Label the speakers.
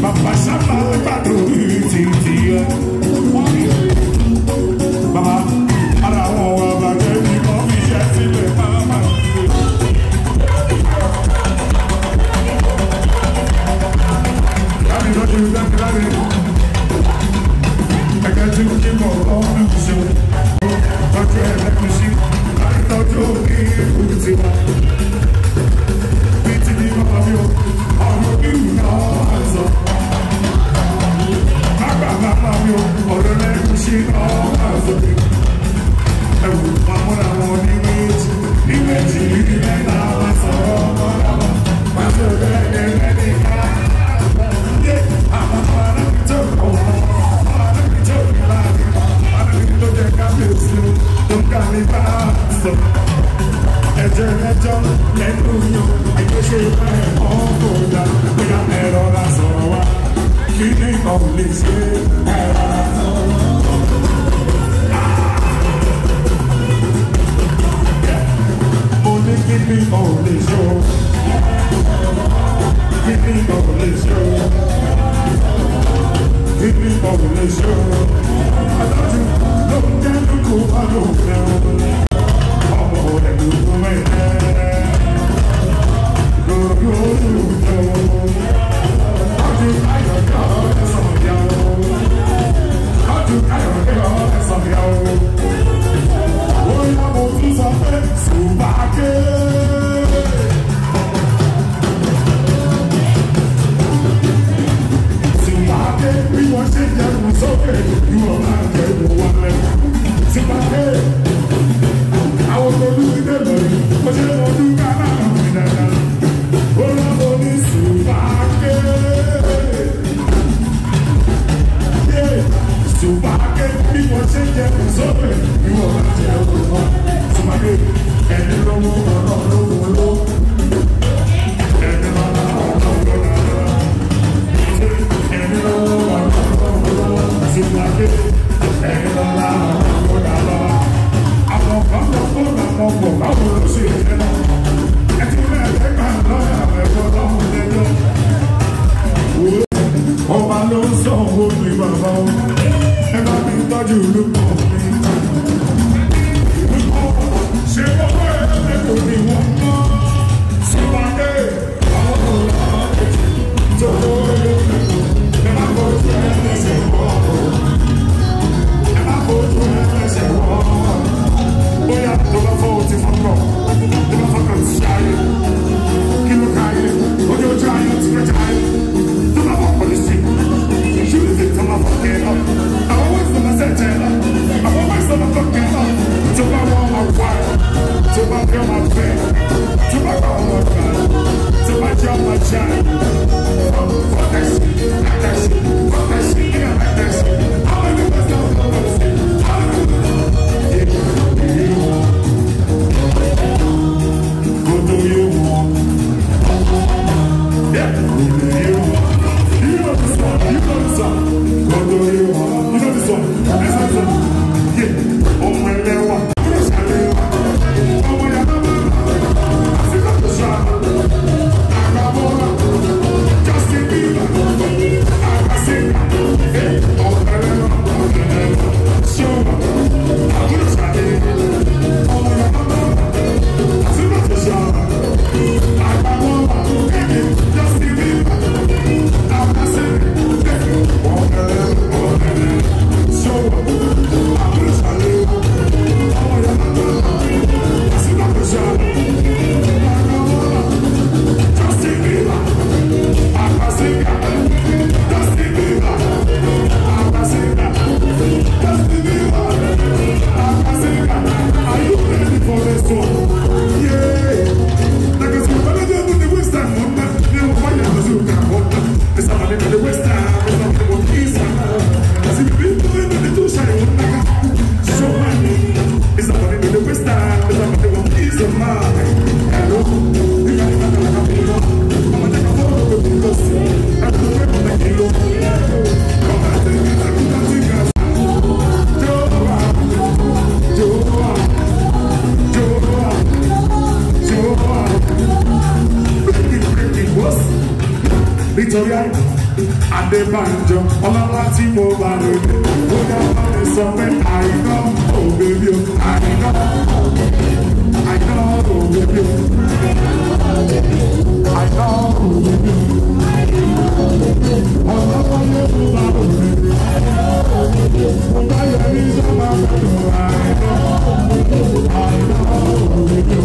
Speaker 1: Papa Samba, Papa, Titi, Titi, nítorí àìkú Adébánjọ ọlọ́lá tí mo bá rè é ó yá lè sọ pé àìná òwe bí o àìná àìná òwe bí o àìná òwe bí o ọlọ́wọ́ lè mú bá òwe bí o mo bá ní sábà pẹ̀lú àìná àìná òwe bí o.